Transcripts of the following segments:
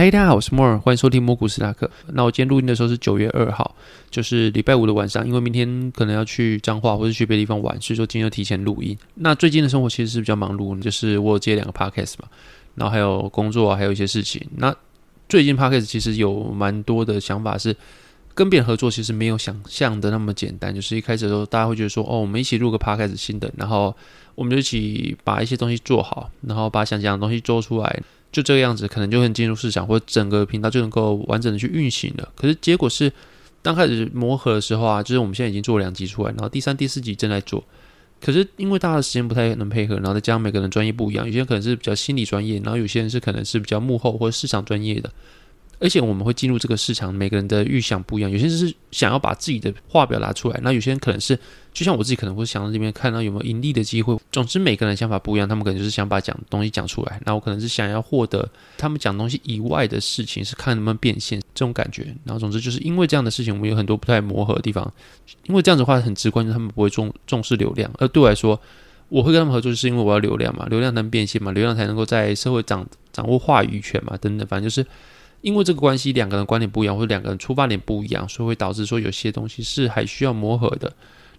嘿，hey, 大家好，我是 More，歡迎收聽摩爾史塔克。那我今天錄音的時候是九月二號，就是禮拜五的晚上，因為明天可能要去彰化或是去別的地方玩，所以說今天要提前錄音。那最近的生活其實是比較忙碌，就是我有接兩個 podcast 嘛，然後還有工作啊，還有一些事情。那最近 podcast 其實有蠻多的想法是，是跟別人合作，其實沒有想象的那麼簡單。就是一開始的時候，大家會覺得說，哦，我們一起錄個 podcast 新的，然後我們就一起把一些東西做好，然後把想講的東西做出來。就這個樣子，可能就會進入市場，或者整個頻道就能夠完整的去運行了。可是結果是，剛開始磨合的時候啊，就是我們現在已經做兩集出來，然後第三、第四集正在做。可是因為大家的時間不太能配合，然後再加上每個人專業不一樣，有些可能是比較心理專業，然後有些人是可能是比較幕後或者市場專業的。而且我們會進入這個市場，每個人的預想不一樣。有些人是想要把自己的話表達出來，那有些人可能是就像我自己可能會想到這邊看到有沒有盈利的機會。總之，每個人的想法不一樣，他們可能就是想把講東西講出來。那我可能是想要獲得他們講東西以外的事情，是看能不能變現這種感覺。然後，總之就是因為這樣的事情，我們有很多不太磨合的地方。因為這樣子的話很直觀，他們不會重重視流量。而對我來說，我會跟他們合作，是因為我要流量嘛，流量能變現嘛，流量才能夠在社會掌掌握話語權嘛，等等，反正就是。因為這個關係，兩個人觀點不一樣，或者兩個人出發點不一樣，所以會導致說有些東西是還需要磨合的，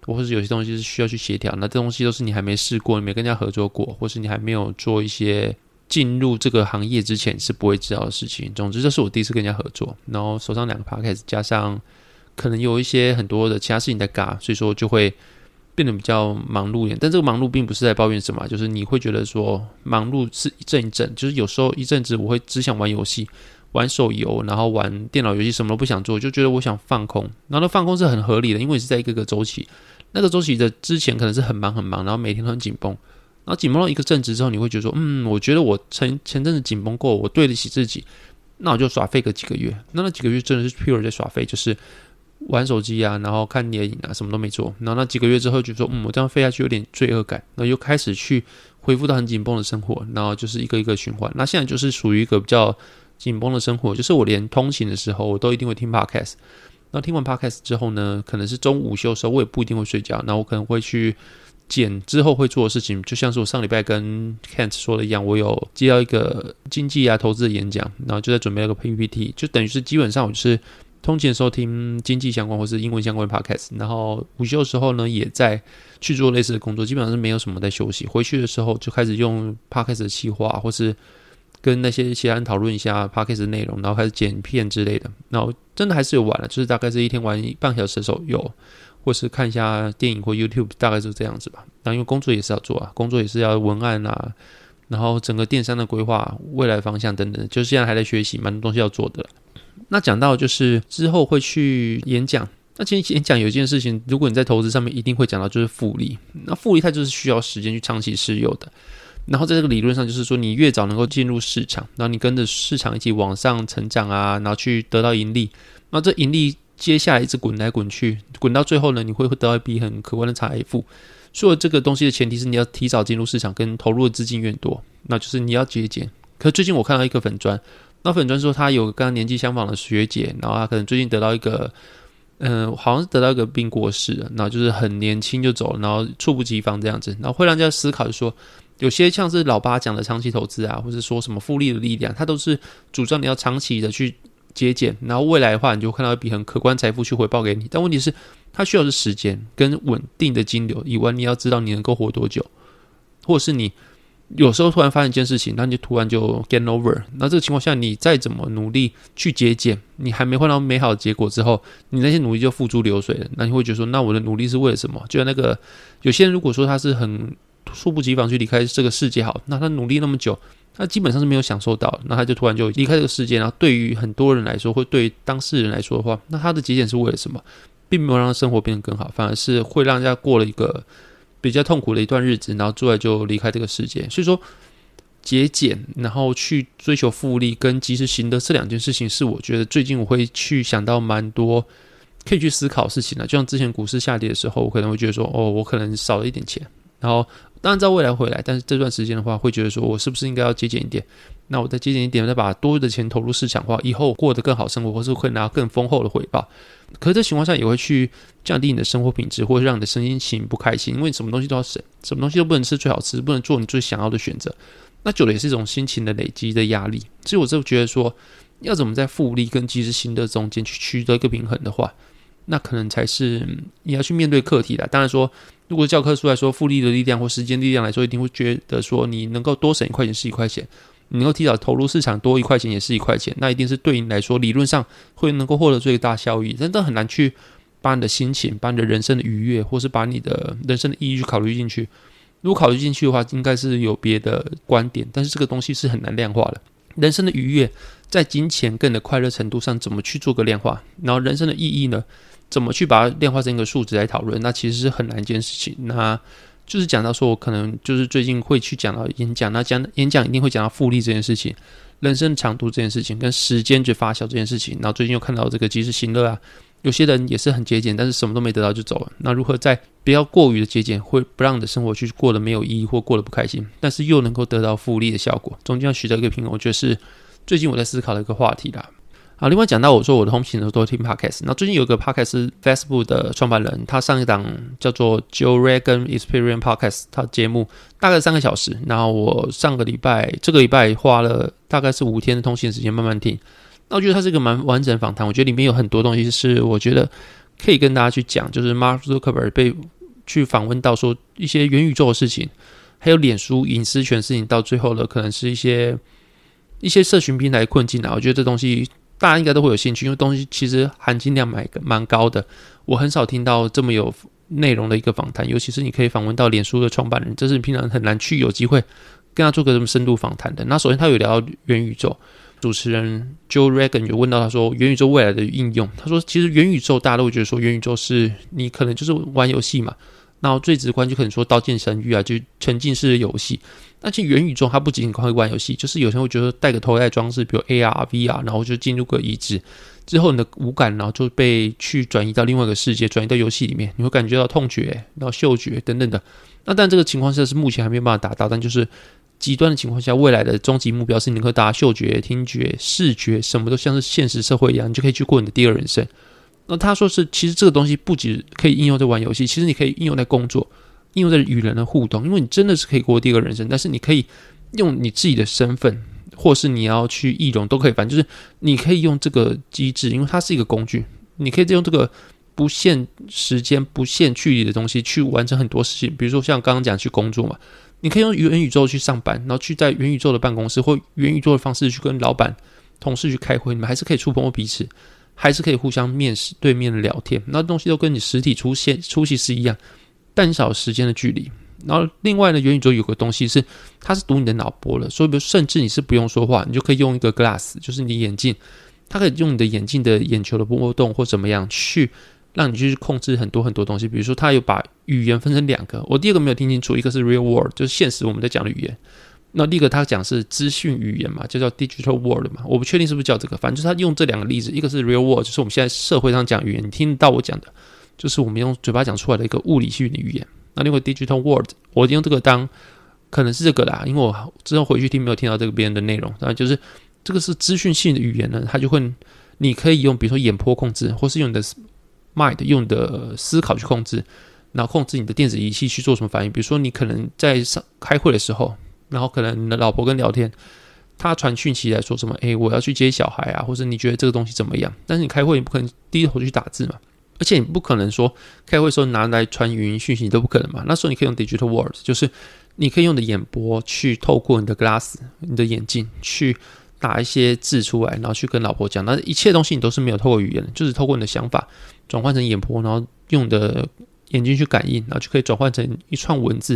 或者有些東西是需要去協調。那這東西都是你還沒試過，你沒跟人家合作過，或是你還沒有做一些進入這個行業之前是不會知道的事情。總之，這是我第一次跟人家合作，然後手上兩個 podcast 加上可能有一些很多的其他事情在搞，所以說就會變得比較忙碌一點。但這個忙碌並不是在抱怨什麼啊，就是你會覺得說忙碌是一陣一陣，就是有時候一陣子我會只想玩遊戲。玩手遊，然後玩電腦遊戲，什麼都不想做，就覺得我想放空。然後那放空是很合理的，因為是在一個個週期。那個週期的之前可能是很忙很忙，然後每天都很緊繃，然後緊繃到一個陣子之後，你會覺得說：“嗯，我覺得我前前陣子緊繃過，我對得起自己。”那我就耍廢個幾個月。那那幾個月真的是 pure 在耍廢，就是玩手機啊，然後看電影啊，什麼都沒做。然後那幾個月之後，就說：“嗯，我這樣廢下去有點罪惡感。”那又開始去恢復到很緊繃的生活，然後就是一個一個循環。那現在就是屬於一個比較緊繃的生活，就是我連通勤的時候，我都一定會聽 podcast。那聽完 podcast 之後呢，可能是中午午休的時候，我也不一定會睡覺，那我可能會去剪之後會做的事情。就像是我上禮拜跟 Kent 說的一樣，我有接到一個經濟啊投資的演講，然後就在準備了個 PPT，就等於是基本上我就是通勤的時候聽經濟相關或是英文相關的 podcast。然後午休的時候呢，也在去做類似的工作，基本上是沒有什麼在休息。回去的時候就開始用 podcast 的企劃或是。跟那些其他人討論一下 Podcast 的內容，然後開始剪片之類的。然後真的還是有玩了，就是大概是一天玩半個小時左右，或是看一下電影或 YouTube，大概是這樣子吧。那因為工作也是要做啊，工作也是要文案啊，然後整個電商的規劃、未來方向等等，就是現在還在學習，蠻多東西要做的。那講到就是之後會去演講，那其實演講有一件事情，如果你在投資上面一定會講到，就是複利。那複利它就是需要時間去長期持有的。然後在這個理論上，就是說你越早能夠進入市場，然後你跟着市場一起往上成長啊，然後去得到盈利，那這盈利接下來一直滾來滾去，滾到最後呢，你會得到一筆很可觀的財富。所以這個東西的前提是你要提早進入市場，跟投入的資金越多，那就是你要節儉。可是最近我看到一個粉磚，那粉磚說他有跟他年紀相仿的學姐，然後他可能最近得到一個，嗯、呃，好像是得到一個病過世，然後就是很年輕就走了，然後猝不及防這樣子，然後會讓人家思考就說。有些像是老巴講的長期投資啊，或者說什麼複利的力量，它都是主張你要長期的去節儉，然後未來的話，你就會看到一筆很可觀財富去回報給你。但問題是，它需要是時間跟穩定的金流，以外你要知道你能夠活多久，或者是你有時候突然發生一件事情，那你就突然就 game over。那這個情況下，你再怎麼努力去節儉，你還沒換到美好的結果之後，你那些努力就付諸流水了。那你會覺得說，那我的努力是為了什麼？就像那個有些人如果說他是很。猝不及防，去離開這個世界，好，那他努力那麼久，他基本上是沒有享受到，那他就突然就離開這個世界，然後對於很多人來說，或對於當事人來說的話，那他的節儉是為了什麼？並沒有讓生活變得更好，反而是會讓人家過了一個比較痛苦的一段日子，然後最後就離開這個世界。所以說，節儉，然後去追求複利跟及時行樂這兩件事情，是我覺得最近我會去想到蠻多可以去思考的事情的。就像之前股市下跌的時候，我可能會覺得說，哦，我可能少了一點錢，然後。當然，在未來回來，但是這段時間的話，會覺得說我是不是應該要節儉一點？那我再節儉一點，再把多餘的錢投入市場化，以後過得更好生活，或是可以拿更豐厚的回報。可是這情況下，也會去降低你的生活品質，或者是讓你的身心情不開心，因為什麼東西都要省，什麼東西都不能吃最好吃，不能做你最想要的選擇。那久了也是一種心情的累積的壓力。所以，我就覺得說，要怎麼在複利跟及時行樂中間去取得一個平衡的話，那可能才是、嗯、你要去面對課題的。當然說。如果教科書來說，複利的力量或時間力量來說，一定會覺得說你，你能夠多省一塊錢是一塊錢，能夠提早投入市場多一塊錢也是一塊錢，那一定是對你來說理論上會能夠獲得最大效益。但都很難去把你的心情、把你的人生的愉悅，或是把你的人生的意義去考慮進去。如果考慮進去的話，應該是有別的觀點，但是這個東西是很難量化的。人生的愉悅在金錢跟你的快樂程度上怎麼去做個量化？然後人生的意義呢？怎麼去把它量化成一個數值來討論？那其實是很難一件事情。那就是講到說，我可能就是最近會去講到演講，那講演講一定會講到複利這件事情、人生長度這件事情、跟時間就發酵這件事情。然後最近又看到這個及時行樂啊，有些人也是很節儉，但是什麼都沒得到就走了。那如何在不要過於的節儉，會不讓你的生活去過得沒有意義或過得不開心，但是又能夠得到複利的效果，中間要取得一個平衡，我覺得是最近我在思考的一個話題啦。啊，另外講到我說我的通勤的時候都聽 podcast。那最近有個 podcast 是 Facebook 的創辦人，他上一檔叫做 Joe Rogan Experience podcast，他節目大概三個小時。然後我上個禮拜、這個禮拜花了大概是五天的通勤時間慢慢聽。那我覺得它是一個蠻完整訪談，我覺得裡面有很多東西是我覺得可以跟大家去講，就是 Mark Zuckerberg 被去訪問到說一些元宇宙的事情，還有臉書隱私權事情，到最後的可能是一些一些社群平台困境啊。我覺得這東西。大家應該都會有興趣，因為東西其實含金量蠻高的。我很少聽到這麼有內容的一個訪談，尤其是你可以訪問到臉書的創辦人，這是你平常很難去有機會跟他做個什麼深度訪談的。那首先他有聊到元宇宙，主持人 Joe Rogan 有問到他說元宇宙未來的應用，他說其實元宇宙，大家都會覺得說元宇宙是你可能就是玩遊戲嘛，然後最直觀就可能說《刀劍神域》啊，就沉浸式的遊戲。那其實元宇宙它不僅僅可以玩遊戲，就是有時候會覺得戴個頭戴裝置，比如 AR、VR，然後就進入個遺址之後，你的五感然後就被去轉移到另外一個世界，轉移到遊戲裡面，你會感覺到痛覺、然後嗅覺等等的。那但這個情況下是目前還沒有辦法達到，但就是極端的情況下，未來的終極目標是你可以達嗅覺、聽覺、視覺，什麼都像是現實社會一樣，你就可以去過你的第二人生。那他說是，其實這個東西不止可以應用在玩遊戲，其實你可以應用在工作。因為在與人的互動，因為你真的是可以過第二個人生，但是你可以用你自己的身份，或是你要去易容都可以。反正就是你可以用這個機制，因為它是一個工具，你可以用這個不限時間、不限距離的東西去完成很多事情。比如說像剛剛講去工作嘛，你可以用元宇宙去上班，然後去在元宇宙的辦公室或元宇宙的方式去跟老闆、同事去開會，你們還是可以觸碰過彼此，還是可以互相面對面的聊天，那東西都跟你實體出現出席是一樣。半小時間的距離，然後另外呢，元宇宙有個東西是，它是讀你的腦波了，所以比如甚至你是不用說話，你就可以用一個 glass，就是你眼鏡，它可以用你的眼鏡的眼球的波動或怎麼樣去讓你去控制很多很多東西，比如說它有把語言分成兩個，我第二個沒有聽清楚，一個是 real world，就是現實我們在講的語言，那第一個它講是資訊語言嘛，就叫 digital world 嘛，我不確定是不是叫這個，反正就是它用這兩個例子，一個是 real world，就是我們現在社會上講語言，你聽到我講的。就是我們用嘴巴講出來的一個物理性的語言。那另外 digital world，我已經用這個當，可能是這個啦，因為我之後回去聽沒有聽到這個邊的內容啊。就是這個是資訊性的語言呢，它就會你可以用，比如說眼波控制，或是用你的 mind 用你的思考去控制，然後控制你的電子儀器去做什麼反應。比如說你可能在上開會的時候，然後可能你的老婆跟聊天，他傳訊息來說什麼？哎，我要去接小孩啊，或者你覺得這個東西怎麼樣？但是你開會你不可能低頭去打字嘛？而且你不可能說開會說拿來傳語音訊息，你都不可能嘛？那時候你可以用 digital words，就是你可以用你的眼波去透過你的 glass 你的眼鏡，去打一些字出來，然後去跟老婆講。那一切東西你都是沒有透過語言的，就是透過你的想法轉換成眼波，然後用你的眼睛去感應，然後就可以轉換成一串文字，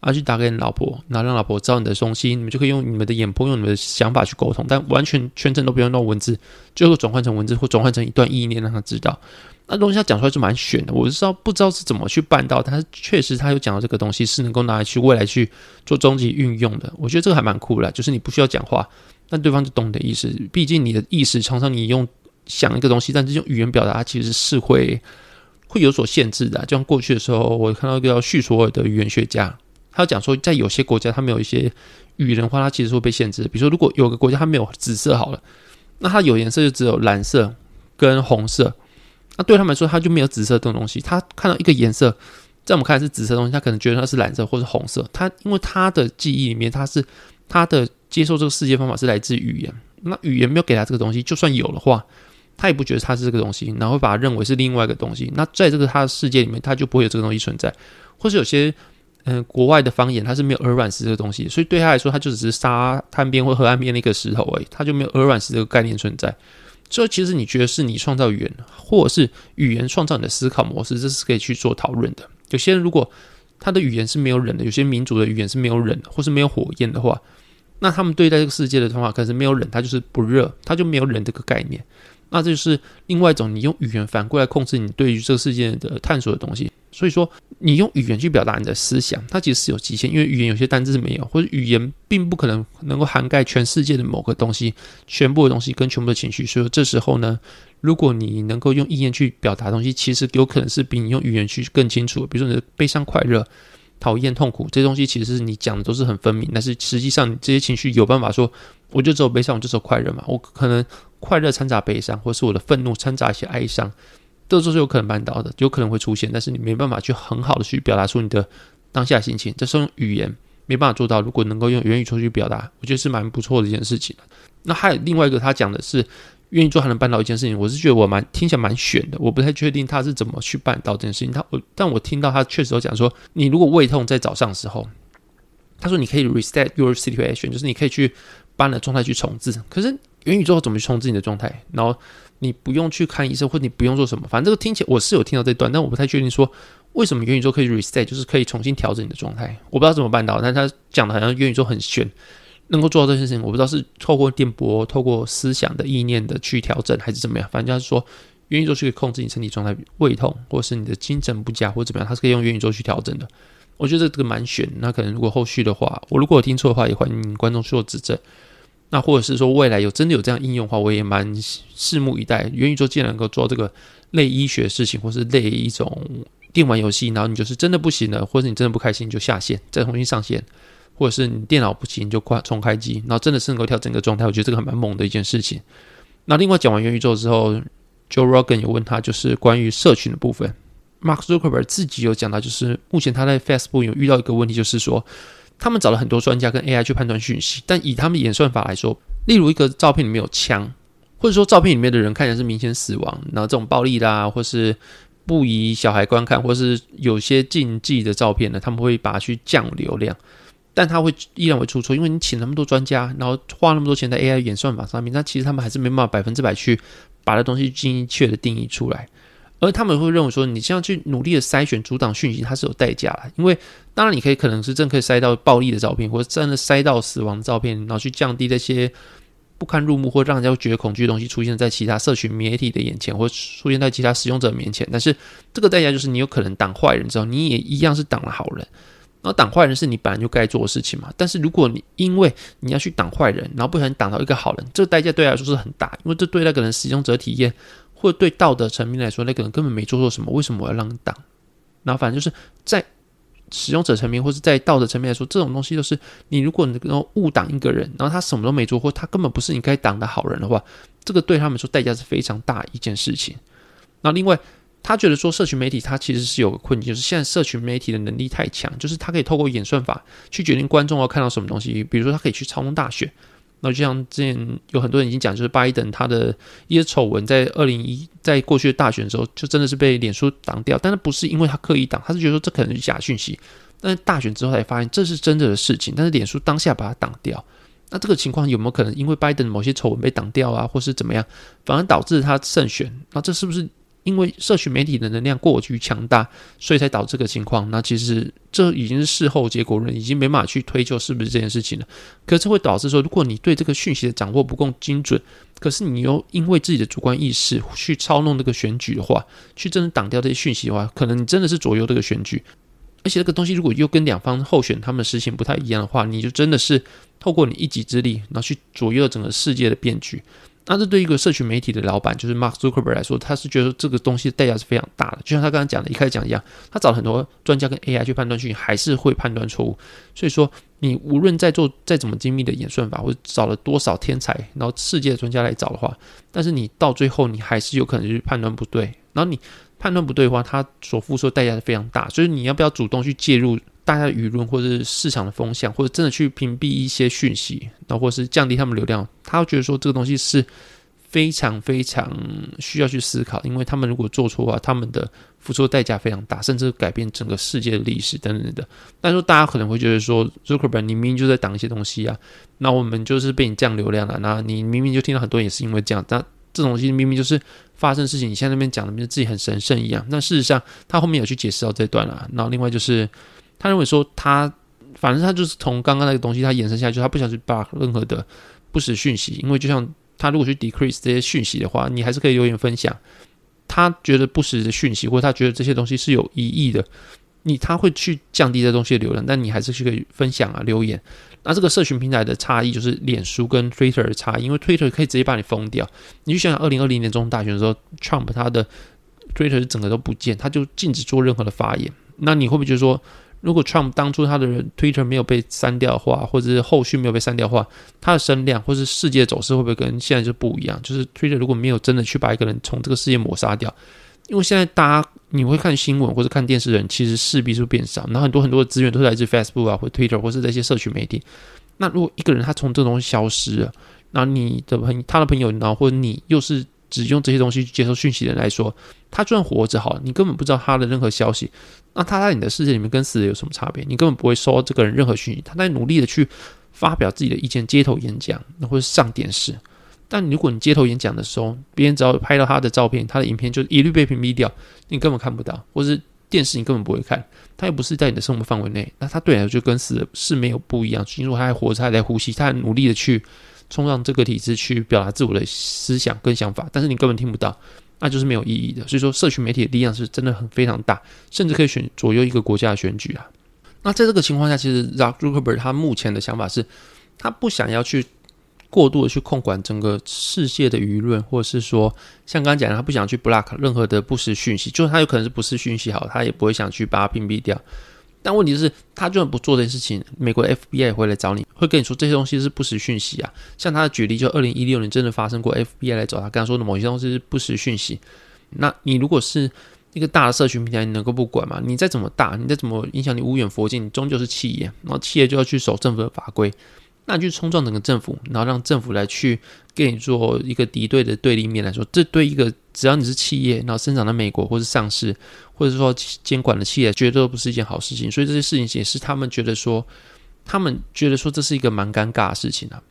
然後去打給你老婆，然後讓老婆知道你的中心。你們就可以用你們的眼波，用你們的想法去溝通，但完全全程都不用到文字，最後轉換成文字或轉換成一段意念讓他知道。那東西他講出來是蠻玄的，我就知道不知道是怎麼去辦到，但是確實，他有講到這個東西是能夠拿來去未來去做終極運用的。我覺得這個還蠻酷的啦，就是你不需要講話，但對方就懂你的意思。畢竟你的意思常常你用想一個東西，但是用語言表達其實是會會有所限制的。就像過去的時候，我看到一個叫索緒爾的語言學家，他講說，在有些國家，他沒有一些語言話，它其實會被限制的。比如說，如果有個國家它沒有紫色，好了，那它有顏色就只有藍色跟紅色。那對他們來說，他就沒有紫色這種東西。他看到一個顏色，在我們看來是紫色的東西，他可能覺得它是藍色或者紅色。他因為他的記憶裡面，他是他的接受這個世界方法是來自語言。那語言沒有給他這個東西，就算有的話，他也不覺得它是這個東西，然後把它認為是另外一個東西。那在這個他的世界裡面，他就不會有這個東西存在。或是有些嗯、呃、國外的方言，它是沒有鵝卵石這個東西，所以對他來說，他就只是沙灘邊或河岸邊的一個石頭而已，他就沒有鵝卵石這個概念存在。這其實你覺得是你創造語言，或者是語言創造你的思考模式，這是可以去做討論的。有些人如果他的語言是沒有冷的，有些民族的語言是沒有冷的，或是沒有火焰的話，那他們對待這個世界的方法，可是沒有冷，他就是不熱，他就沒有冷這個概念。那這就是另外一種你用語言反過來控制你對於這個世界的探索的東西。所以說，你用語言去表達你的思想，它其實是有極限，因為語言有些單字是沒有，或者語言並不可能能夠涵蓋全世界的某個東西、全部的東西跟全部的情緒。所以說這時候呢，如果你能夠用意念去表達東西，其實有可能是比你用語言去更清楚。比如說你的悲傷、快樂、討厭、痛苦，這些東西其實是你講的都是很分明，但是實際上這些情緒有辦法說，我就只有悲傷，我就只有快樂嘛？我可能快樂摻雜悲傷，或是我的憤怒摻雜一些哀傷。這都是是有可能辦到的，有可能會出現，但是你沒辦法去很好的去表達出你的當下心情，這是用語言沒辦法做到。如果能夠用元宇宙去表達，我覺得是蠻不錯的一件事情。那還有另外一個，他講的是元宇宙還能辦到一件事情，我是覺得我蠻聽起來蠻懸的，我不太確定他是怎麼去辦到這件事情。他我但我聽到他確實有講說，你如果胃痛在早上的時候，他說你可以 reset your situation，就是你可以去把那狀態去重置。可是元宇宙怎麼去重置你的狀態？然後你不用去看醫生，或你不用做什麼，反正這個聽起來我是有聽到這一段，但我不太確定說為什麼元宇宙可以 reset，就是可以重新調整你的狀態，我不知道怎麼辦到。但他講的好像元宇宙很玄，能夠做到這件事情，我不知道是透過電波、透過思想的意念的去調整，還是怎麼樣。反正就是說元宇宙是可以控制你身體狀態、胃痛，或是你的精神不佳，或者怎麼樣，它是可以用元宇宙去調整的。我覺得這個蠻玄。那可能如果後續的話，我如果有聽錯的話，也歡迎觀眾去做指正。那或者是說未來有真的有這樣應用的話，我也蠻拭目以待。元宇宙既然能夠做這個類醫學事情，或是類一種電玩遊戲，然後你就是真的不行了，或者你真的不開心，你就下線，再重新上線，或者是你電腦不行你就關重開機，然後真的是能夠跳整個狀態，我覺得這個還蠻猛的一件事情。那另外講完元宇宙之後，Joe Rogan 有問他，就是關於社群的部分，Mark Zuckerberg 自己有講到，就是目前他在 Facebook 有遇到一個問題，就是說。他們找了很多專家跟 AI 去判斷訊息，但以他們演算法來說，例如一個照片裡面有槍，或者說照片裡面的人看起來是明顯死亡，然後這種暴力啦，或是不宜小孩觀看，或是有些禁忌的照片呢，他們會把它去降流量，但他會依然會出錯，因為你請那麼多專家，然後花那麼多錢在 AI 演算法上面，那其實他們還是沒辦法百分之百去把那東西精確的定義出來。而他們會認為說，你這樣去努力的篩選阻擋訊息，它是有代價的。因為當然你可以可能是真可以篩到暴力的照片，或者真的篩到死亡的照片，然後去降低這些不堪入目或讓人家覺得恐懼的東西出現在其他社群媒體的眼前，或出現在其他使用者面前。但是這個代價就是你有可能擋壞人之後，你也一樣是擋了好人。然後擋壞人是你本來就該做的事情嘛。但是如果你因為你要去擋壞人，然後不小心擋到一個好人，這個代價對他來說是很大，因為這對那個人使用者體驗。如果對道德層面來說，那個人根本沒做錯什麼，為什麼我要讓你擋？然後反正就是在使用者層面，或者在道德層面來說，這種東西就是你如果能夠誤擋一個人，然後他什麼都沒做，或他根本不是你該擋的好人的話，這個對他們說代價是非常大一件事情。那另外，他覺得說，社群媒體它其實是有個困境，就是現在社群媒體的能力太強，就是他可以透過演算法去決定觀眾要看到什麼東西，比如說他可以去操縱大選。那就像之前有很多人已經講，就是拜登他的一些醜聞，在二零一在過去的大選的時候，就真的是被臉書擋掉，但是不是因為他刻意擋，他是覺得說這可能是假訊息，但是大選之後才發現這是真的事情，但是臉書當下把它擋掉，那這個情況有沒有可能因為拜登某些醜聞被擋掉啊，或是怎麼樣，反而導致他勝選啊？那這是不是？因為社群媒體的能量過於強大，所以才導致這個情況。那其實這已經是事後結果論，已經沒辦法去推究是不是這件事情了。可是這會導致說，如果你對這個訊息的掌握不夠精準，可是你又因為自己的主觀意識去操弄這個選舉的話，去真的擋掉這些訊息的話，可能你真的是左右這個選舉。而且這個東西如果又跟兩方候選他們實行不太一樣的話，你就真的是透過你一己之力，然後去左右整個世界的變局。那這對一個社群媒體的老闆，就是 Mark Zuckerberg 來說，他是覺得這個東西的代價是非常大的。就像他剛剛講的，一開始講一樣，他找了很多專家跟 AI 去判斷，去還是會判斷錯誤。所以說，你無論在做再怎麼精密的演算法，或者找了多少天才，然後世界的專家來找的話，但是你到最後你還是有可能去判斷不對。然後你判斷不對的話，他所付出的代價是非常大。所以你要不要主動去介入？大家輿論或者是市場的風向，或者真的去屏蔽一些訊息，那或者是降低他們流量，他會覺得說這個東西是非常非常需要去思考，因為他們如果做錯的話，他們的付出代價非常大，甚至改變整個世界的歷史等等的。但是大家可能會覺得說，Zuckerberg 你明明就在擋一些東西啊，那我們就是被你降流量了，那你明明就聽到很多也是因為這樣，那這種東西明明就是發生事情，你現在那邊講的，明明自己很神聖一樣。那事實上，他後面有去解釋到這段了，那另外就是。他認為說，他反正他就是從剛剛那個東西他延伸下去，他不想去把任何的不實訊息，因為就像他如果去 decrease 這些訊息的話，你還是可以留言分享。他覺得不實的訊息，或者他覺得這些東西是有疑義的，你他會去降低這東西的流量，但你還是去可以分享啊，留言啊。那這個社群平台的差異就是臉書跟 Twitter 的差異，因為 Twitter 可以直接把你封掉。你去想想二零二零年總統大選的時候，Trump 他的 Twitter 整個都不見，他就禁止做任何的發言。那你會不會覺得說，如果 Trump 當初他的人 Twitter 沒有被刪掉的話，或者是後續沒有被刪掉的話，他的聲量或者是世界走勢會不會跟現在就不一樣？就是 Twitter 如果沒有真的去把一個人從這個世界抹殺掉，因為現在大家，你會看新聞或者看電視的人其實勢必是變少，然後很多很多的資源都是來自 Facebook 啊或 Twitter 或者是這些社群媒體。那如果一個人他從這種消失了，那你的朋他的朋友，然後或者你又是？只用這些東西去接受訊息的人來說，他就算活着，好，你根本不知道他的任何消息。那他在你的世界裡面跟死人有什麼差別？你根本不會收這個人任何訊息。他在努力的去發表自己的意見，街頭演講，或者上電視。但如果你街頭演講的時候，別人只要拍到他的照片，他的影片就一律被屏蔽掉，你根本看不到，或是電視你根本不會看。他又不是在你的生活範圍內，那他對你來說就跟死人是沒有不一樣。儘管他還活着，他在呼吸，他努力的去。衝撞這個體制去表達自我的思想跟想法，但是你根本聽不到，那就是沒有意義的。所以說，社群媒體的力量是真的很非常大，甚至可以選左右一個國家的選舉啊。那在這個情況下，其實 Zuckerberg 他目前的想法是，他不想要去過度的去控管整個世界的輿論，或者是說，像剛才講的，他不想去 block 任何的不實訊息，就是他有可能是不實訊息好，他也不會想去把它屏蔽掉。但問題是，他就算不做這件事情，美國的 FBI 也會來找你，會跟你說這些東西是不實訊息啊。像他的舉例，就二零一六年真的發生過 FBI 來找他，跟他說的某些東西是不實訊息。那你如果是一個大的社群平台，你能夠不管嗎？你再怎麼大，你再怎麼影響你無遠弗屆，你終究是企業，然後企業就要去守政府的法規。那你就衝撞整個政府，然後讓政府來去跟你做一個敵對的對立面來說，這對一個只要你是企業，然後生長在美國或是上市，或者是說監管的企業，絕對都不是一件好事情。所以這些事情顯示他們覺得說，他們覺得說這是一個蠻尷尬的事情啊，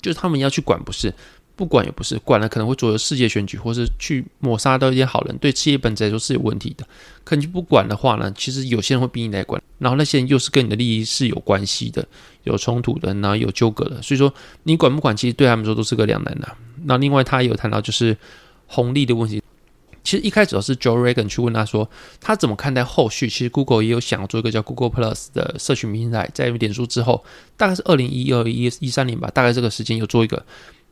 就是他們要去管，不是。不管也不是，管了可能會左右世界選舉，或是去抹殺到一些好人，對企業本質來說是有問題的。可你不管的話呢？其實有些人會逼你來管，然後那些人又是跟你的利益是有關係的，有衝突的，然後有糾葛的。所以說你管不管，其實對他們說都是個兩難的、啊。那另外他也有談到就是紅利的問題，其實一開始是 Joe Rogan 去問他說他怎麼看待後續。其實 Google 也有想做一個叫 Google Plus 的社群平台，在臉書之後，大概是二零一二、一三年吧，大概這個時間有做一個。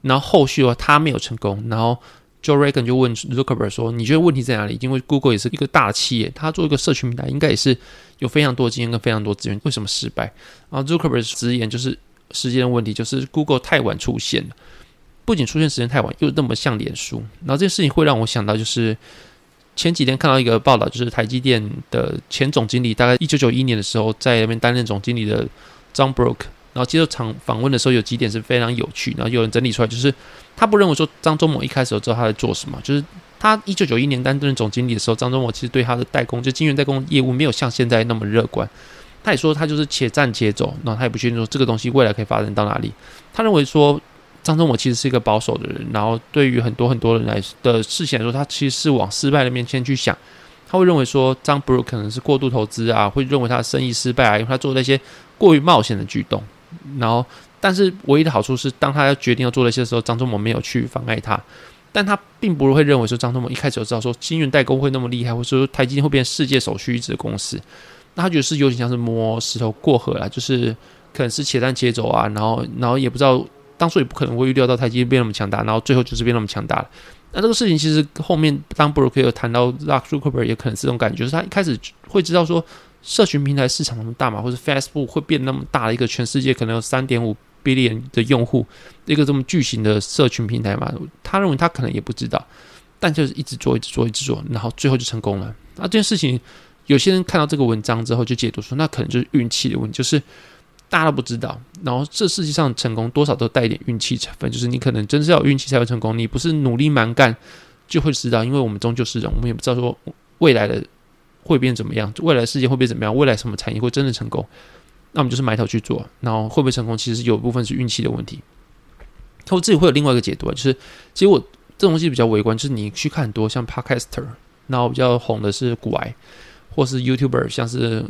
然後後續的話，他沒有成功。然後 Joe Rogan 就問 Zuckerberg 說：“你覺得問題在哪裡？因為 Google 也是一個大企業，他做一個社群平台，應該也是有非常多經驗跟非常多資源，為什麼失敗？”然後 Zuckerberg 直言就是時間的問題，就是 Google 太晚出現了，不僅出現時間太晚，又那麼像臉書。然後這件事情會讓我想到，就是前幾天看到一個報道，就是台積電的前總經理，大概一九九一年的時候，在那邊擔任總經理的 John Brooke。然後接受訪訪問的時候，有幾點是非常有趣。然後有人整理出來，就是他不認為說張忠謀一開始知道他在做什麼。就是他一九九一年擔任總經理的時候，張忠謀其實對他的代工，就金圓代工業務，沒有像現在那麼樂觀。他也說他就是且戰且走，然後他也不確定說這個東西未來可以發展到哪裡。他認為說張忠謀其實是一個保守的人。然後對於很多很多人來的事情來說，他其實是往失敗的面前去想。他會認為說張不 r 可能是過度投資啊，會認為他的生意失敗啊，因為他做那些過於冒險的舉動。然後，但是唯一的好處是，當他要決定要做這些的時候，張忠謀沒有去妨礙他。但他並不會認為說，張忠謀一開始就知道說，晶圓代工會那麼厲害，或者說台積電會變世界首屈一指的公司。那他覺得是有點像是摸石頭過河啦，就是可能是且戰且走啊，然後，然後也不知道，當初也不可能會預料到台積電變那麼強大，然後最後就是變那麼強大了。那這個事情其實後面，當布魯克有談到 Mark Zuckerberg，也可能是這種感覺，就是他一開始會知道說。社群平台市場那麼大嘛，或者 Facebook 會變那麼大的一個全世界可能有三點五 billion 的用戶，一個這麼巨型的社群平台嘛？他認為他可能也不知道，但就是一直做、一直做、一直做，然後最後就成功了。那、啊、這件事情，有些人看到這個文章之後就解讀說，那可能就是運氣的問題，就是大家都不知道。然後這世界上成功多少都帶一點運氣成分，就是你可能真是要有運氣才會成功，你不是努力蠻幹就會知道。因為我們終究是人，我們也不知道說未來的。會變怎麼樣？未來世界會變怎麼樣？未來什麼產業會真的成功？那我們就是埋頭去做。然後會不會成功？其實有一部分是運氣的問題。我自己會有另外一個解讀，就是其實我這種東西比較微觀，就是你去看很多像 Podcaster，然後比較紅的是股癌或是 YouTuber，像是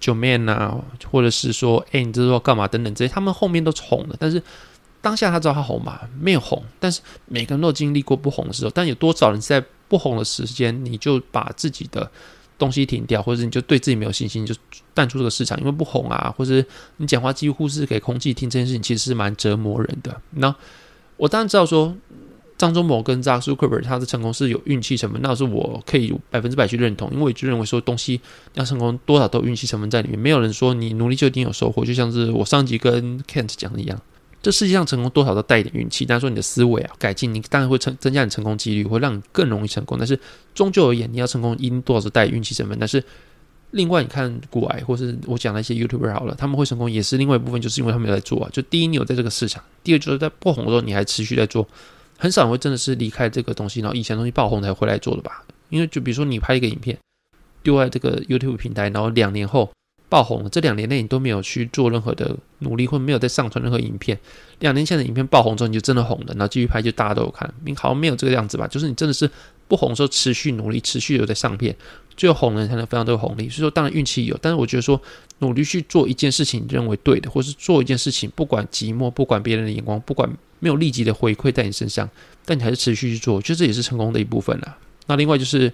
Joeman 啊，或者是說哎、欸，你這是要幹嘛等等這些，他們後面都是紅的，但是當下他知道他紅嘛？沒有紅。但是每個人都經歷過不紅的時候，但有多少人在不紅的時間，你就把自己的。東西停掉，或者你就對自己沒有信心，就淡出這個市場，因為不紅啊，或者是你講話幾乎是給空氣聽，這件事情其實是蠻折磨人的。那我當然知道說，張忠謀跟 Zuckerberg 他的成功是有運氣成分，那是我可以百分之百去認同，因為我就認為說東西要成功多少都有運氣成分在裡面，沒有人說你努力就一定有收穫，就像是我上集跟 Kent 講的一樣。這世界上成功多少都帶一點運氣，但是說你的思維啊改進，你當然會成增加你成功幾率，會讓你更容易成功。但是終究而言，你要成功一定多少是帶運氣成分。但是另外，你看國外或是我講那一些 YouTuber 好了，他們會成功也是另外一部分，就是因為他們有在做啊。就第一，你有在這個市場；第二，就是在爆紅的時候，你還持續在做。很少會真的是離開這個東西，然後以前的東西爆紅才回來做的吧？因為就比如說你拍一個影片丟在這個 YouTube 平台，然後兩年後。爆紅了，這兩年內你都沒有去做任何的努力，或者沒有在上傳任何影片。兩年前的影片爆紅之後，你就真的紅了，然後繼續拍，就大家都有看。你好像沒有這個樣子吧？就是你真的是不紅的時候持續努力，持續有在上片，最後紅了你才能非常的有紅利。所以說，當然運氣有，但是我覺得說努力去做一件事情，認為對的，或是做一件事情，不管寂寞，不管別人的眼光，不管沒有立即的回饋在你身上，但你還是持續去做，我覺得這也是成功的一部分了。那另外就是。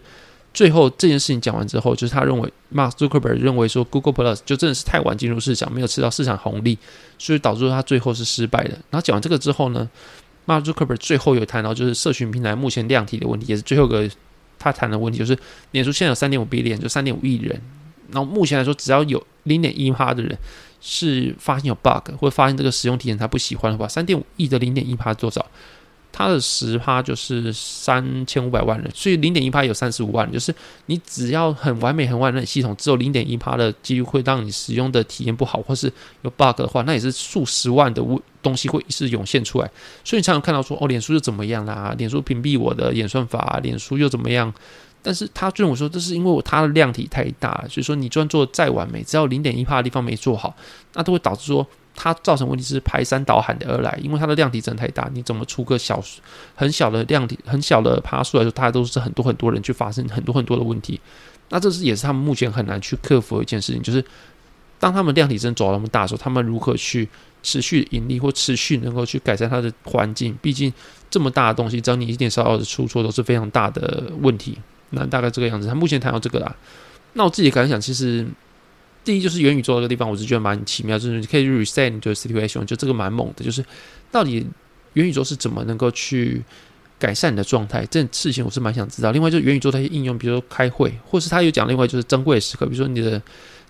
最後這件事情講完之後，就是他認為，Mark Zuckerberg 認為說，Google Plus 就真的是太晚進入市場，沒有吃到市場紅利，所以導致他最後是失敗的。然後講完這個之後呢，Mark Zuckerberg 最後有談到就是社群平台目前量體的問題，也是最後一個他談的問題，就是臉書現在有三點五 Billion 就三點五億人，然後目前來說只要有零點一趴的人是發現有 bug，或發現這個使用體驗他不喜歡的話，三點五億的零點一趴多少？它的十趴就是三千五百萬人，所以零點一趴有三十五萬人，就是你只要很完美、很完美的系統，只有零點一趴的幾率會讓你使用的體驗不好，或是有 bug 的話，那也是數十萬的物東西會一直湧現出來。所以你常常看到說，哦，臉書又怎麼樣啦、啊？臉書屏蔽我的演算法、啊，臉書又怎麼樣？但是他跟我說，這是因為我它的量體太大，所以說你就算做再完美，只要零點一趴的地方沒做好，那都會導致說。它造成問題是排山倒海的而來，因為它的量體真太大，你怎麼出個小很小的量體、很小的趴數來說，大家都是很多很多人去發生很多很多的問題。那這是也是他們目前很難去克服的一件事情，就是當他們量體真走到那麼大的時候，他們如何去持續盈利或持續能夠去改善它的環境？畢竟這麼大的東西，只要你一點小小的出錯都是非常大的問題。那大概這個樣子，他目前談到這個啦。那我自己感想，其實。第一就是元宇宙這個地方，我是覺得蠻奇妙，就是你可以 reset 你的 situation，就這個蠻猛的。就是到底元宇宙是怎麼能夠去改善你的狀態？這件事情我是蠻想知道。另外就是元宇宙的一些應用，比如說開會，或是他有講，另外就是珍貴時刻，比如說你的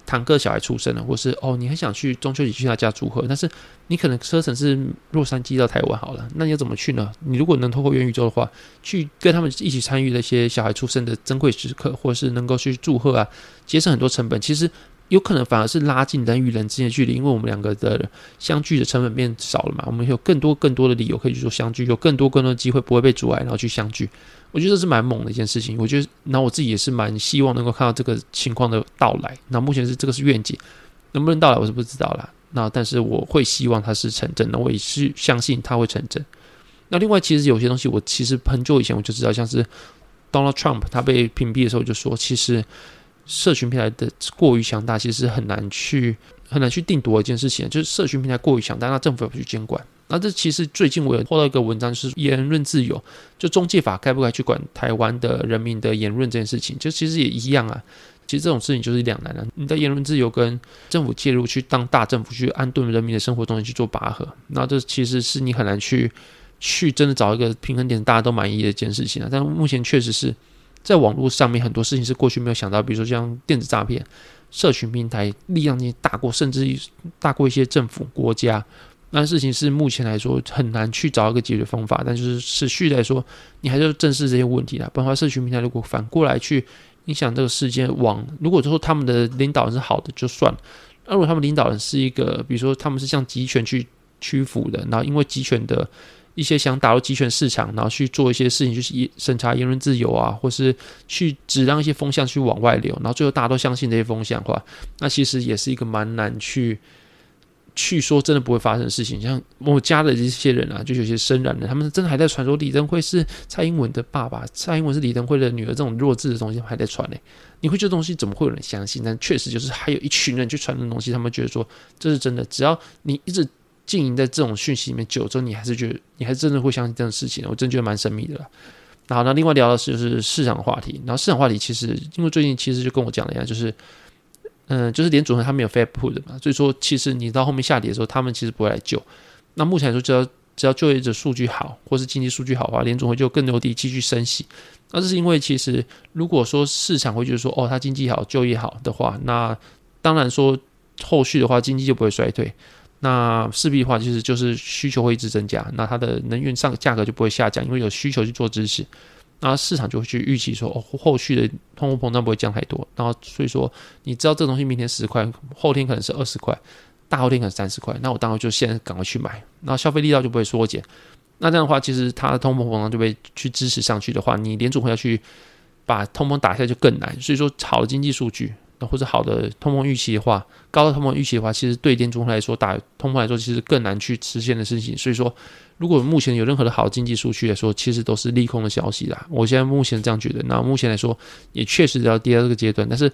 堂哥小孩出生了，或是哦你很想去中秋節去他家祝賀，但是你可能車程是洛杉磯到台灣好了，那你要怎麼去呢？你如果能透過元宇宙的話，去跟他們一起參與那些小孩出生的珍貴時刻，或是能夠去祝賀啊，節省很多成本，其實。有可能反而是拉近人與人之間的距離，因為我們兩個的相聚的成本變少了嘛，我們有更多更多的理由可以去做相聚，有更多更多的機會不會被阻礙，然後去相聚。我覺得這是蠻猛的一件事情。我覺得，那我自己也是蠻希望能夠看到這個情況的到來。那目前是這個是願景，能不能到來我是不知道啦。那但是我會希望它是成真的，我也是相信它會成真。那另外，其實有些東西我其實很久以前我就知道，像是 Donald Trump 他被屏蔽的時候就說，其實。社群平台的過於強大，其實很難去很難去定奪一件事情，就是社群平台過於強大，那政府也不去監管。那這其實最近我有看到一個文章，是言論自由，就中介法該不該去管台灣的人民的言論這件事情，就其實也一樣啊。其實這種事情就是兩難了啊，你的言論自由跟政府介入去當大政府去安頓人民的生活中去做拔河，那這其實是你很難去去真的找一個平衡點，大家都滿意的一件事情啊。但目前確實是。在網絡上面很多事情是過去沒有想到，比如說像電子詐騙、社群平台力量你大過，甚至大過一些政府國家。那事情是目前來說很難去找一個解決方法，但就是持續來說，你還是要正視這些問題的。不然，社群平台如果反過來去影響這個世界，往如果說他們的領導人是好的就算了，如果他們領導人是一個，比如說他們是向集權去屈服的，那因為集權的。一些想打入集權市場，然後去做一些事情，就是審查言論自由啊，或是去只讓一些風向去往外流，然後最後大家都相信這些風向的話，那其實也是一個蠻難去去說真的不會發生的事情。像我家的這些人啊，就有些深染的，他們真的還在傳說李登輝是蔡英文的爸爸，蔡英文是李登輝的女兒，這種弱智的東西還在傳呢。你會覺得東西怎麼會有人相信？但確實就是還有一群人去傳這東西，他們覺得說這是真的。只要你一直。經營在這種訊息裡面救，之後你還是覺得你還是真的會相信這種事情？我真的覺得蠻神秘的。然後那另外聊到的是就是市場的話題。然後市場話題其實因為最近其實就跟我講了一下，就是嗯、呃，就是聯準會他們有 Fed Put 嘛，所以說其實你到後面下跌的時候，他們其實不會來救。那目前來說，只要只要就業者數據好，或是經濟數據好的話，聯準會就更多地繼續升息。那這是因為其實如果說市場會覺得說哦，他經濟好，就業好的話，那當然說後續的話經濟就不會衰退。那勢必的話，其實就是需求會一直增加，那它的能源上價格就不會下降，因為有需求去做支持，那市場就會去預期說，哦，後續的通貨膨脹不會降太多，然後所以說，你知道這東西明天十塊，後天可能是二十塊，大後天可能三十塊，那我當然就現在趕快去買，那消費力道就不會縮減，那這樣的話，其實它的通貨膨脹就被去支持上去的話，你聯準會要去把通膨打下去就更難，所以說好的經濟數據。或者好的通膨預期的話，高的通膨預期的話，其實對電豬來說，打通膨來說，其實更難去實現的事情。所以說，如果目前有任何的好的經濟數據來說，其實都是利空的消息啦。我現在目前這樣覺得。那目前來說，也確實要跌到這個階段。但是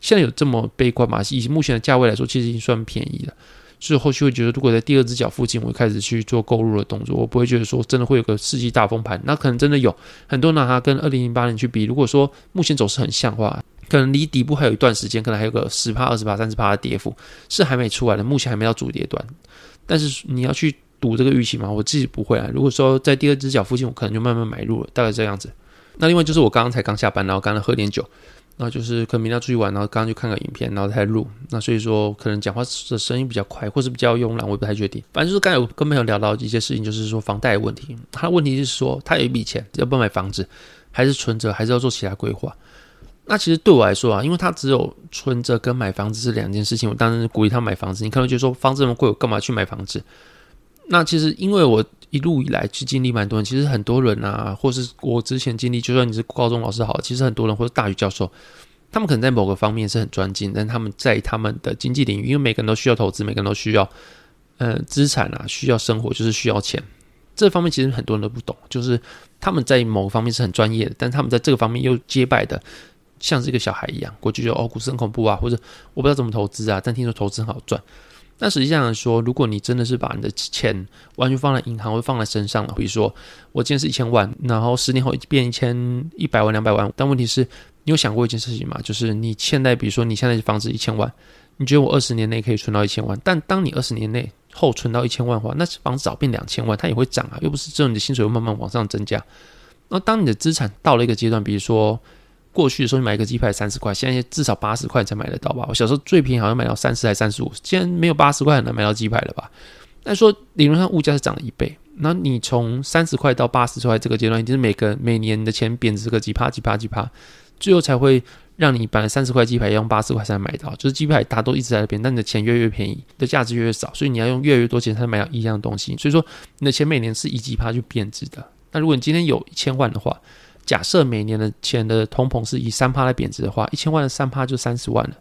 現在有這麼悲觀嘛？以及目前的價位來說，其實已經算便宜了。所以後續會覺得，如果在第二隻腳附近，我開始去做購入的動作，我不會覺得說真的會有個世紀大崩盤。那可能真的有很多拿它跟二零零八年去比。如果說目前走勢很像的話，可能離底部還有一段時間，可能還有個十趴、二十趴、三十趴的跌幅是還沒出來的，目前還沒到主跌段。但是你要去賭這個預期嗎？我自己不會啊。如果說在第二隻腳附近，我可能就慢慢買入了，大概這樣子。那另外就是我剛剛才剛下班，然後剛剛喝點酒，那就是可能明天要出去玩，然後剛剛就看個影片，然後再錄。那所以說可能講話的聲音比較快，或是比較慵懶，我也不太確定。反正就是剛有跟朋友聊到一些事情，就是說房貸的問題。他的問題是說他有一筆錢要不要買房子，還是存折，還是要做其他規劃？那其實對我來說啊，因為他只有存着跟買房子是兩件事情，我當然是鼓勵他買房子。你可能就說房子那麼貴，我幹嘛去買房子？那其實因為我一路以來去經歷蠻多人，其實很多人啊，或是我之前經歷，就算你是高中老師好，其實很多人或是大學教授，他們可能在某個方面是很專精，但他們在他們的經濟領域，因為每個人都需要投資，每個人都需要呃資產啊，需要生活就是需要錢，這方面其實很多人都不懂，就是他們在某個方面是很專業的，但他們在這個方面又結拜的。像是一個小孩一樣，我就覺得哦，股市很恐怖啊，或者我不知道怎麼投資啊，但聽說投資很好賺。那實際上來說，如果你真的是把你的錢完全放在銀行會放在身上了，比如說我今天是一千萬，然後十年後變一千一百萬、兩百萬。但問題是你有想過一件事情嗎？就是你現在，比如說你現在的房子一千萬，你覺得我二十年內可以存到一千萬？但當你二十年內後存到一千萬的話，那房子早變兩千萬，它也會漲啊，又不是只有你的薪水會慢慢往上增加。那當你的資產到了一個階段，比如說。過去的時候，你買一個雞排三十塊，現在也至少八十塊才買得到吧？我小時候最便宜好像買到三十還三十五，現在沒有八十塊很難買到雞排了吧？那說理論上物價是漲了一倍，那你從三十塊到八十塊這個階段，一定是每個每年的錢貶值個幾趴幾趴幾趴，最後才會讓你把那三十塊雞排要用八十塊才買到，就是雞排它都一直在變，但你的錢越來越便宜，的價值越來越少，所以你要用越來越多錢才能買到一樣東西，所以說你的錢每年是一幾趴就貶值的。那如果你今天有一千萬的話。假設每年的錢的通膨是以三趴來貶值的話，一千萬的三趴就三十萬了。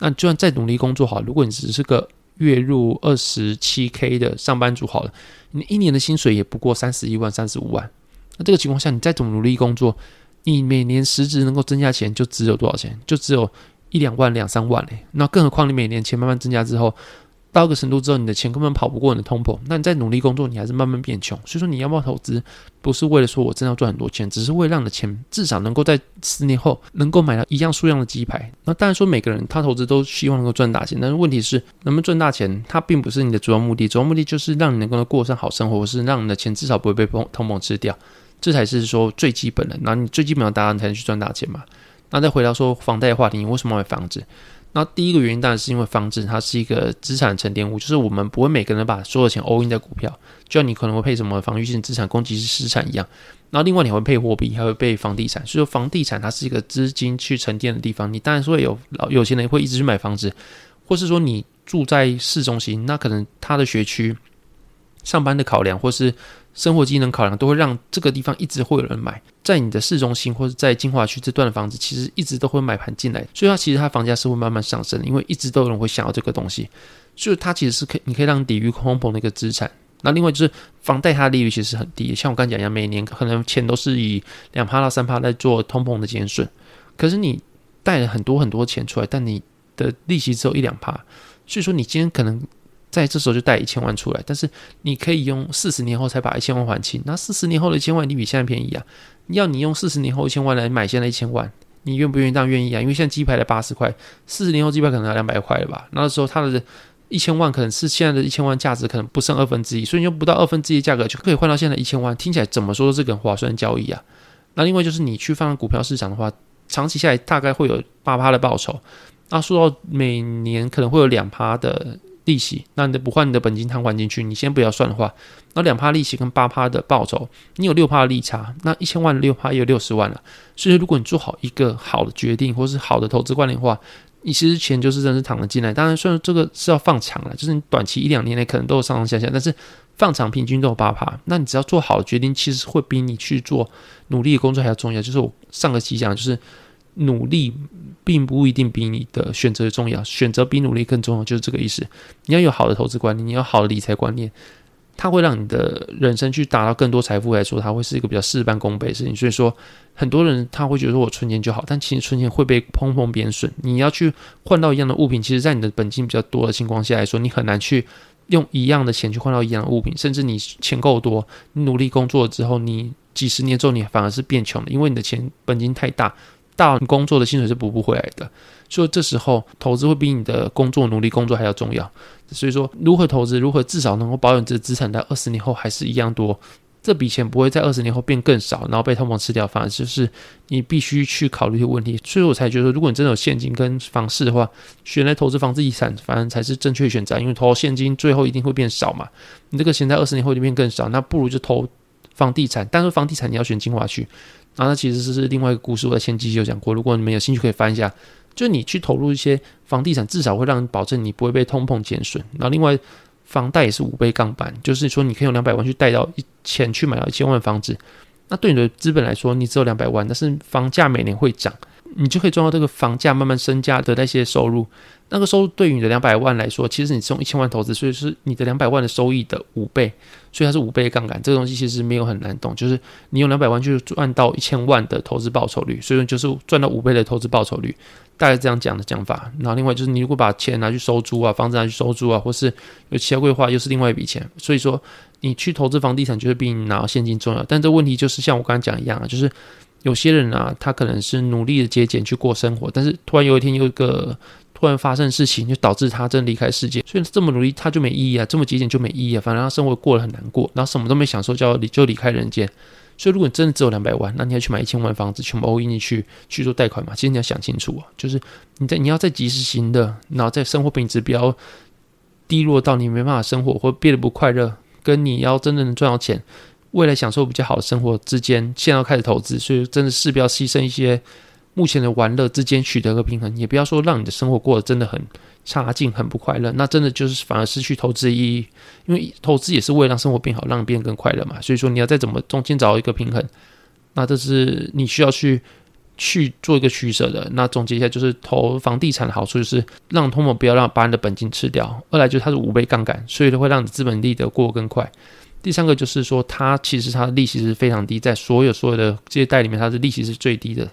那就算再努力工作好了，如果你只是個月入二十七 K 的上班族好了，你一年的薪水也不過三十一萬、三十五萬。那這個情況下，你再怎麼努力工作，你每年實質能夠增加錢就只有多少錢？就只有一兩萬、兩三萬嘞。那更何況你每年錢慢慢增加之後。到一個程度之後，你的錢根本跑不過你的通膨，那你在努力工作，你還是慢慢變窮。所以說，你要不要投資，不是為了說我真的要賺很多錢，只是為了讓你的錢至少能夠在十年後能夠買到一樣數量的雞排。那當然說每個人他投資都希望能夠賺大錢，但是問題是能不能賺大錢，它並不是你的主要目的。主要目的就是讓你能夠過上好生活，或是讓你的錢至少不會被通通膨吃掉，這才是說最基本的。那你最基本的答案，才能去賺大錢嘛？那再回到說房貸的話題，你為什麼買房子？那第一個原因當然是因為房子，它是一個資產沉澱物，就是我們不會每個人把所有錢 all in 在股票，就像你可能會配什麼防禦性資產、攻擊性資產一樣。然後另外你還會配貨幣，還會配房地產。所以說房地產它是一個資金去沉澱的地方，你當然說有老有些人會一直去買房子，或是說你住在市中心，那可能他的學區。上班的考量，或是生活機能考量，都會讓這個地方一直會有人買。在你的市中心，或者在精華區這段的房子，其實一直都會買盤進來，所以它其實它房價是會慢慢上升，因為一直都有人會想要這個東西。所以它其實是可以你可以讓抵御通膨的一個資產。那另外就是房貸，它的利率其實很低，像我剛才講一樣，每年可能錢都是以兩趴到三趴在做通膨的減損。可是你貸了很多很多錢出來，但你的利息只有一兩趴，所以說你今天可能。在這時候就貸一千萬出來，但是你可以用四十年後才把一千萬還清。那四十年後的一千萬，你比現在便宜啊？要你用四十年後一千萬來買現在一千萬，你願不願意？當然願意啊！因為現在雞排的八十塊，四十年後雞排可能要兩百塊了吧？那時候他的一千萬可能是現在的一千萬價值可能不剩二分之一，2, 所以用不到二分之一價格就可以換到現在一千萬，2, 聽起來怎麼說這個很划算交易啊？那另外就是你去放股票市場的話，長期下來大概會有八趴的報酬，那說到每年可能會有兩趴的。利息，那你的不換你的本金，攤還進去，你先不要算的話，那兩趴利息跟八趴的報酬，你有六趴的利差，那一千萬六趴也有六十萬了。所以說，如果你做好一個好的決定，或是好的投資觀念的話，你其實錢就是真的是躺了進來。當然，雖然這個是要放長了，就是你短期一兩年內可能都有上上下下，但是放長平均都有八趴。那你只要做好的決定，其實會比你去做努力的工作還要重要。就是我上個期講就是。努力並不一定比你的選擇重要，選擇比努力更重要，就是這個意思。你要有好的投資觀念，你要好的理財觀念，它會讓你的人生去達到更多財富來說，它會是一個比較事半功倍的事情。所以說，很多人他會覺得我存錢就好，但其實存錢會被通膨減損。你要去換到一樣的物品，其實，在你的本金比較多的情況下來說，你很難去用一樣的錢去換到一樣的物品。甚至你錢夠多，你努力工作之後，你幾十年之後，你反而是變窮的，因為你的錢本金太大。大人工作的薪水是補不回來的，所以這時候投資會比你的工作努力工作還要重要。所以說，如何投資，如何至少能夠保有你的資產，在二十年後還是一樣多，這筆錢不會在二十年後變更少，然後被通膨吃掉，反而就是你必須去考慮一些問題。所以我才覺得如果你真的有現金跟房市的話，選來投資房子、地產，反而才是正確選擇，因為投現金最後一定會變少嘛。你這個錢在二十年後就變更少，那不如就投房地產。但是房地產你要選精華區。啊，那它其實是是另外一個故事，我在前幾期有講過。如果你們有興趣，可以翻一下。就你去投入一些房地產，至少會讓你保證你不會被通膨減損。那另外，房貸也是五倍槓桿，就是說你可以用兩百萬去貸到一千去買到一千萬房子。那對你的資本來說，你只有兩百萬，但是房價每年會漲。你就可以賺到這個房價慢慢增加的那些收入。那個收入對於你的兩百萬來說，其實你是用一千萬投資，所以是你的兩百萬的收益的五倍。所以它是五倍槓桿。這個東西其實沒有很難懂，就是你用兩百萬去賺到一千萬的投資報酬率，所以就是賺到五倍的投資報酬率，大概這樣講的講法。然後另外就是你如果把錢拿去收租啊，房子拿去收租啊，或是有其他規劃，又是另外一筆錢。所以說你去投資房地產就會比你拿現金重要。但這問題就是像我剛剛講一樣，啊，就是。有些人啊，他可能是努力的節儉去過生活，但是突然有一天有一個突然發生事情，就導致他真的離開世界。所以這麼努力他就沒意義啊，這麼節儉就沒意義啊，反而讓生活過得很難過，然後什麼都沒享受就要，叫離就離開人間。所以如果你真的只有兩百萬，那你要去買一千萬的房子，全部 all in 去去做貸款嘛？其實你要想清楚啊，就是你在你要在及時行樂，然後在生活品質比較低落到你沒辦法生活或變得不快樂，跟你要真正的賺到錢。未來享受比較好的生活之間，現在要開始投資，所以真的是不要犧牲一些目前的玩樂之間取得一個平衡，也不要說讓你的生活過得真的很差勁、很不快樂，那真的就是反而失去投資意義，因為投資也是為了讓生活變好、讓變更快樂嘛。所以說你要再怎麼中間找一個平衡，那這是你需要去去做一個取舍的。那總結一下，就是投房地產的好處就是讓通貨不要讓把你的本金吃掉，二來就是它是五倍槓桿，所以會讓你資本利得過得更快。第三個就是說，它其實它的利息是非常低，在所有所有的這些貸裡面，它的利息是最低的。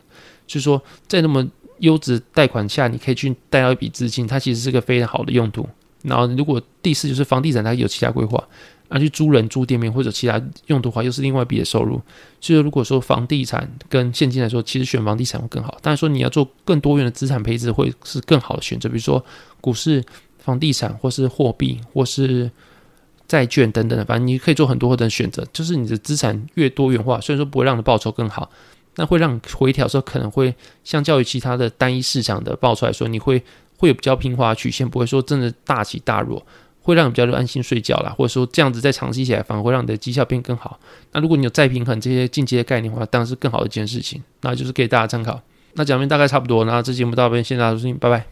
就是說，在那麼優質貸款下，你可以去貸到一筆資金，它其實是個非常好的用途。然後，如果第四就是房地產，它有其他規劃，那去租人租店面或者其他用途的話，又是另外一筆的收入。就是如果說房地產跟現金來說，其實選房地產會更好。但是說你要做更多元的資產配置，會是更好的選擇，比如說股市、房地產或是貨幣或是。債券等等的，反正你可以做很多很多的選擇。就是你的資產越多元化，雖然說不會讓你的報酬更好，那會讓你回調時候可能會相較於其他的單一市場的報出來說，你會會有比較平滑曲線，不會說真的大起大落，會讓你比較安心睡覺啦，或者說這樣子再長期起來反而會讓你的績效變更好。那如果你有再平衡這些進階的概念的話，當然是更好的一件事情。那就是給大家參考。那講面大概差不多，那這期節目到這邊，謝謝大家收聽，拜拜。